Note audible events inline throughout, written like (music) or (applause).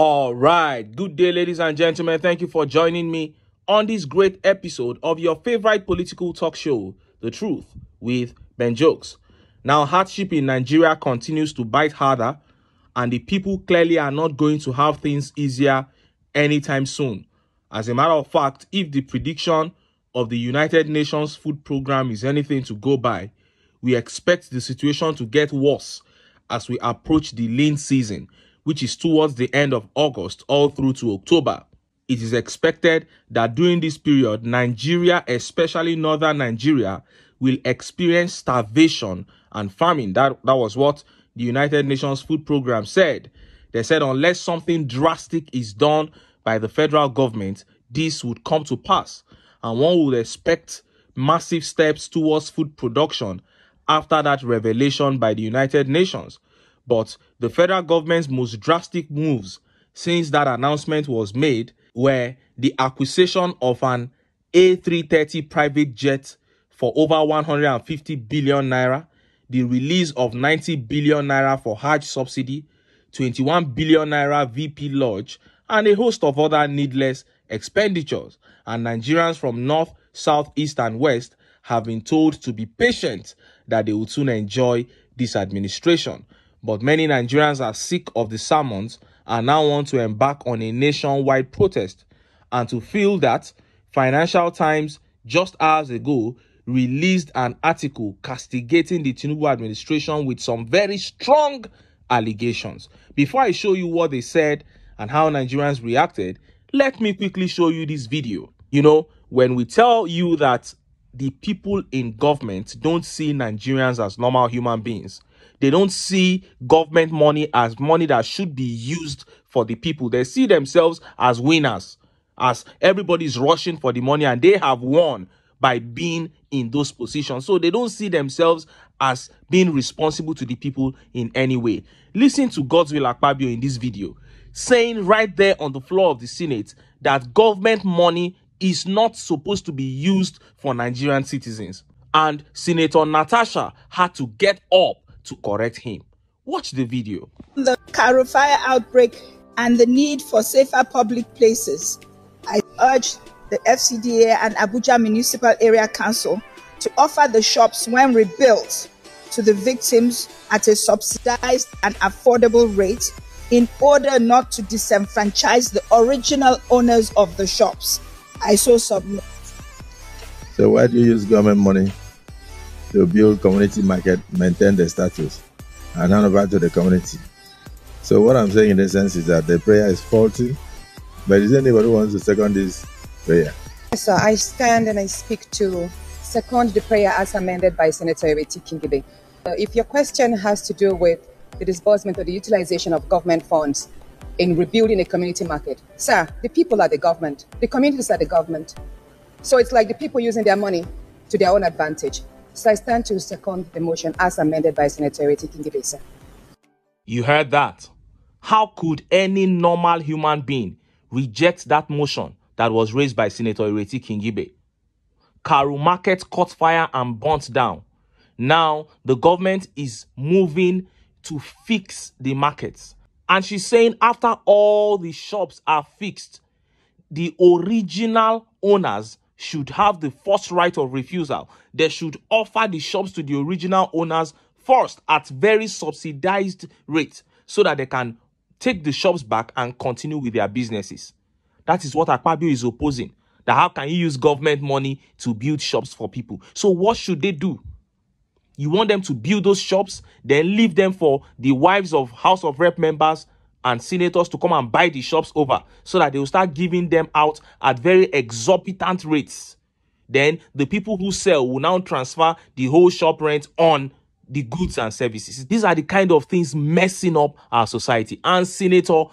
All right. Good day, ladies and gentlemen. Thank you for joining me on this great episode of your favorite political talk show, The Truth with Ben Jokes. Now, hardship in Nigeria continues to bite harder, and the people clearly are not going to have things easier anytime soon. As a matter of fact, if the prediction of the United Nations Food Programme is anything to go by, we expect the situation to get worse as we approach the lean season which is towards the end of August all through to October. It is expected that during this period, Nigeria, especially northern Nigeria, will experience starvation and famine. That, that was what the United Nations Food Programme said. They said unless something drastic is done by the federal government, this would come to pass. And one would expect massive steps towards food production after that revelation by the United Nations. But the federal government's most drastic moves since that announcement was made were the acquisition of an A330 private jet for over 150 billion naira, the release of 90 billion naira for Hajj subsidy, 21 billion naira VP lodge, and a host of other needless expenditures. And Nigerians from north, south, east, and west have been told to be patient that they will soon enjoy this administration. But many Nigerians are sick of the sermons and now want to embark on a nationwide protest and to feel that Financial Times just hours ago released an article castigating the Tinubu administration with some very strong allegations. Before I show you what they said and how Nigerians reacted, let me quickly show you this video. You know, when we tell you that the people in government don't see Nigerians as normal human beings, they don't see government money as money that should be used for the people. They see themselves as winners, as everybody's rushing for the money and they have won by being in those positions. So they don't see themselves as being responsible to the people in any way. Listen to God's will Akpabio in this video, saying right there on the floor of the Senate that government money is not supposed to be used for Nigerian citizens. And Senator Natasha had to get up to correct him. Watch the video. The fire outbreak and the need for safer public places, I urge the FCDA and Abuja Municipal Area Council to offer the shops when rebuilt to the victims at a subsidized and affordable rate in order not to disenfranchise the original owners of the shops. I so submit. So why do you use government money to build community market, maintain the status, and hand over to the community. So what I'm saying in essence sense is that the prayer is faulty, but is anybody who wants to second this prayer? Sir, I stand and I speak to second the prayer as amended by Senator Eriti Kingibe. Uh, if your question has to do with the disbursement or the utilization of government funds in rebuilding a community market, sir, the people are the government, the communities are the government. So it's like the people using their money to their own advantage. So I stand to second the motion as amended by Senator Retikin Gibesa. You heard that. How could any normal human being reject that motion that was raised by Senator Ireti Kingibe? Karu Market caught fire and burnt down. Now the government is moving to fix the markets. And she's saying after all the shops are fixed, the original owners should have the first right of refusal. They should offer the shops to the original owners first at very subsidized rates, so that they can take the shops back and continue with their businesses. That is what Akpabio is opposing. That how can you use government money to build shops for people? So what should they do? You want them to build those shops, then leave them for the wives of House of Rep members and senators to come and buy the shops over so that they will start giving them out at very exorbitant rates. Then the people who sell will now transfer the whole shop rent on the goods and services. These are the kind of things messing up our society. And Senator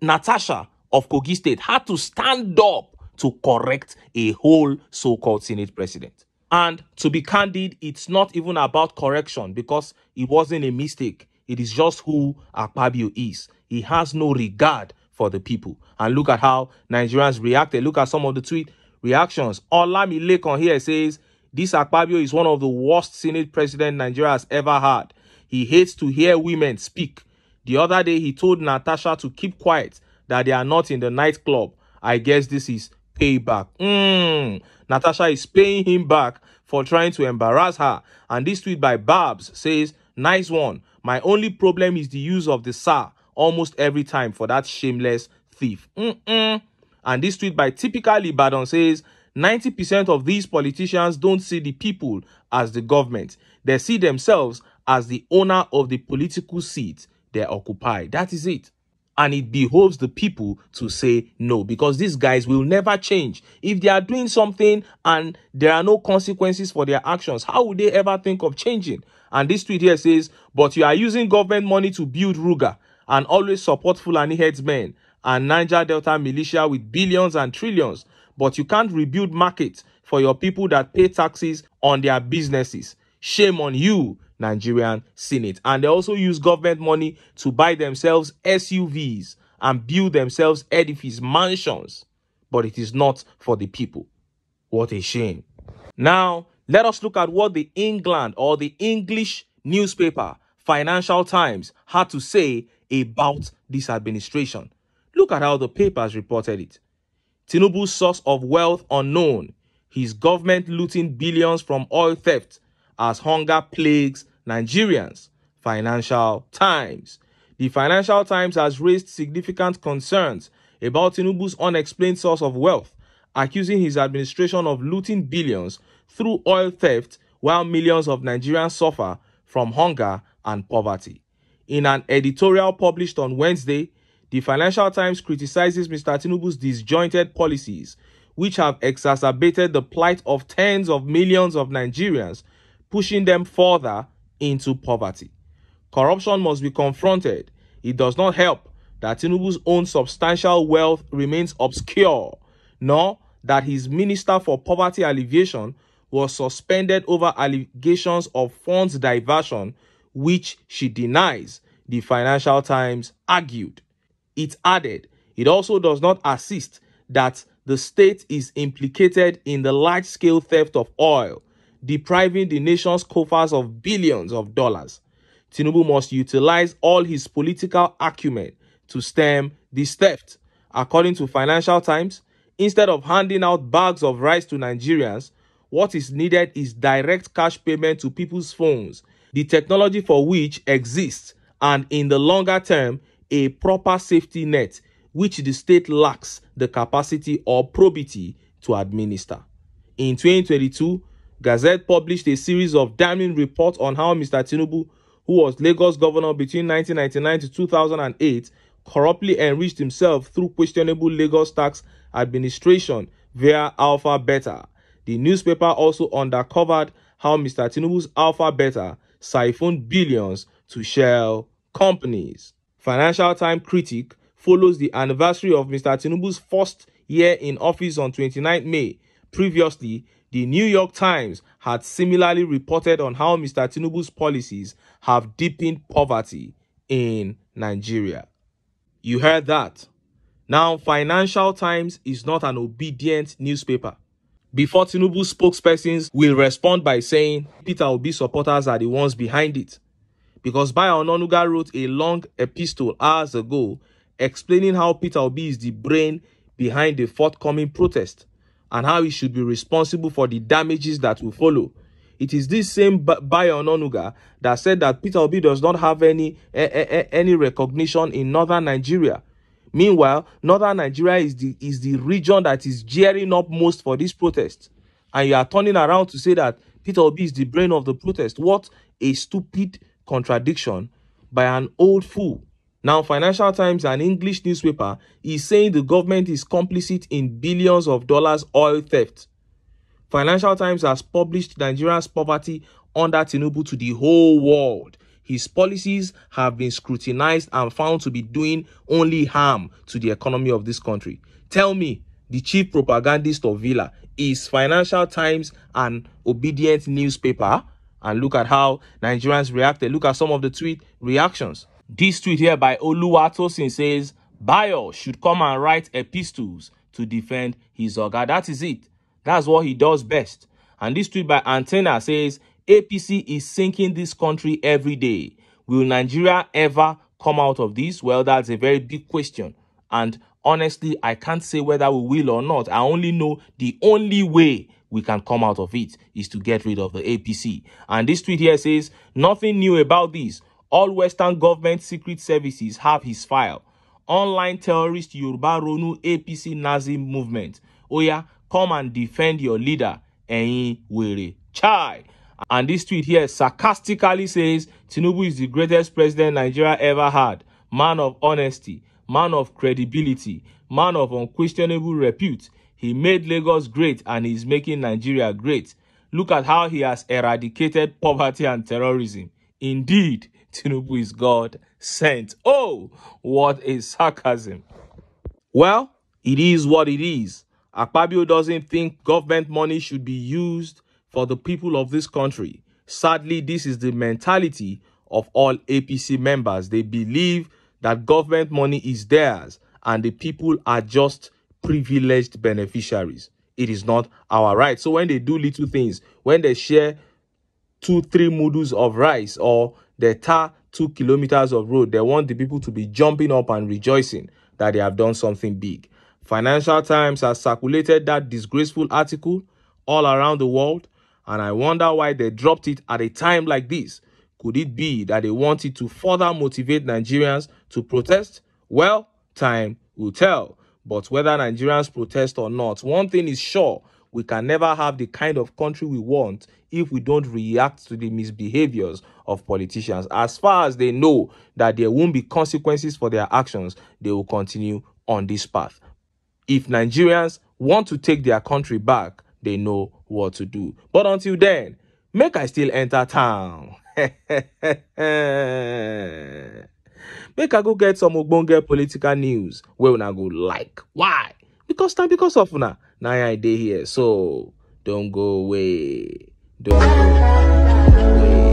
Natasha of Kogi State had to stand up to correct a whole so-called Senate president. And to be candid, it's not even about correction because it wasn't a mistake. It is just who Akpabio is. He has no regard for the people. And look at how Nigerians reacted. Look at some of the tweet reactions. Olami Lekon here says, this Akpabio is one of the worst Senate president Nigeria has ever had. He hates to hear women speak. The other day, he told Natasha to keep quiet, that they are not in the nightclub. I guess this is payback. Mm. Natasha is paying him back for trying to embarrass her. And this tweet by Babs says, Nice one. My only problem is the use of the sir.'" almost every time for that shameless thief. Mm -mm. And this tweet by Typical Ibadan says, 90% of these politicians don't see the people as the government. They see themselves as the owner of the political seat they occupy. That is it. And it behoves the people to say no because these guys will never change. If they are doing something and there are no consequences for their actions, how would they ever think of changing? And this tweet here says, but you are using government money to build Ruga and always support Fulani headsmen and Niger Delta militia with billions and trillions, but you can't rebuild markets for your people that pay taxes on their businesses. Shame on you, Nigerian Senate. And they also use government money to buy themselves SUVs and build themselves edifices, mansions. But it is not for the people. What a shame. Now, let us look at what the England or the English newspaper Financial Times had to say about this administration. Look at how the papers reported it. Tinubu's source of wealth unknown, his government looting billions from oil theft as hunger plagues Nigerians. Financial Times. The Financial Times has raised significant concerns about Tinubu's unexplained source of wealth, accusing his administration of looting billions through oil theft while millions of Nigerians suffer from hunger and poverty. In an editorial published on Wednesday, the Financial Times criticizes Mr. Tinubu's disjointed policies, which have exacerbated the plight of tens of millions of Nigerians, pushing them further into poverty. Corruption must be confronted. It does not help that Tinubu's own substantial wealth remains obscure, nor that his Minister for Poverty Alleviation was suspended over allegations of funds diversion which she denies, the Financial Times argued. It added, it also does not assist that the state is implicated in the large scale theft of oil, depriving the nation's coffers of billions of dollars. Tinubu must utilize all his political acumen to stem this theft. According to Financial Times, instead of handing out bags of rice to Nigerians, what is needed is direct cash payment to people's phones the technology for which exists, and in the longer term, a proper safety net which the state lacks the capacity or probity to administer. In 2022, Gazette published a series of damning reports on how Mr. Tinubu, who was Lagos governor between 1999 to 2008, corruptly enriched himself through questionable Lagos tax administration via Alpha Beta. The newspaper also uncovered how Mr. Tinubu's Alpha Beta siphoned billions to shell companies. Financial Times critic follows the anniversary of Mr. Tinubu's first year in office on 29 May. Previously, the New York Times had similarly reported on how Mr. Tinubu's policies have deepened poverty in Nigeria. You heard that. Now, Financial Times is not an obedient newspaper. before Tinubu spokespersons will respond by saying Peter Obi supporters are the ones behind it. Because Bayo Ononuga wrote a long epistle hours ago explaining how Peter Obi is the brain behind the forthcoming protest and how he should be responsible for the damages that will follow. It is this same Bayo Ononuga that said that Peter Obi does not have any, eh, eh, eh any recognition in northern Nigeria Meanwhile, northern Nigeria is the, is the region that is gearing up most for this protest. And you are turning around to say that Peter Obi is the brain of the protest. What a stupid contradiction by an old fool. Now, Financial Times, an English newspaper, is saying the government is complicit in billions of dollars oil theft. Financial Times has published Nigeria's poverty under Tinubu to the whole world. His policies have been scrutinized and found to be doing only harm to the economy of this country. Tell me, the chief propagandist of Villa is Financial Times an obedient newspaper? And look at how Nigerians reacted. Look at some of the tweet reactions. This tweet here by Oluwatosin says, Bayo should come and write epistles to defend his Oga. That is it. That's what he does best. And this tweet by Antenna says, APC is sinking this country every day. Will Nigeria ever come out of this? Well, that's a very big question. And honestly, I can't say whether we will or not. I only know the only way we can come out of it is to get rid of the APC. And this tweet here says, nothing new about this. All Western government secret services have his file. Online terrorist Yoruba Ronu APC Nazi movement. Oya, come and defend your leader. he were chai. And this tweet here sarcastically says Tinubu is the greatest president Nigeria ever had. Man of honesty, man of credibility, man of unquestionable repute. He made Lagos great and he's making Nigeria great. Look at how he has eradicated poverty and terrorism. Indeed, Tinubu is God sent. Oh, what a sarcasm. Well, it is what it is. Akpabio doesn't think government money should be used for the people of this country. Sadly, this is the mentality of all APC members. They believe that government money is theirs and the people are just privileged beneficiaries. It is not our right. So when they do little things, when they share two, three moodles of rice or they tar two kilometers of road, they want the people to be jumping up and rejoicing that they have done something big. Financial Times has circulated that disgraceful article all around the world and I wonder why they dropped it at a time like this. Could it be that they wanted to further motivate Nigerians to protest? Well, time will tell. But whether Nigerians protest or not, one thing is sure, we can never have the kind of country we want if we don't react to the misbehaviors of politicians. As far as they know that there won't be consequences for their actions, they will continue on this path. If Nigerians want to take their country back, they know what to do. But until then, make I still enter town. (laughs) make I go get some ogbonge political news wey una go like. Why? Because na because of una na I dey here. So don't go away. Don't go away.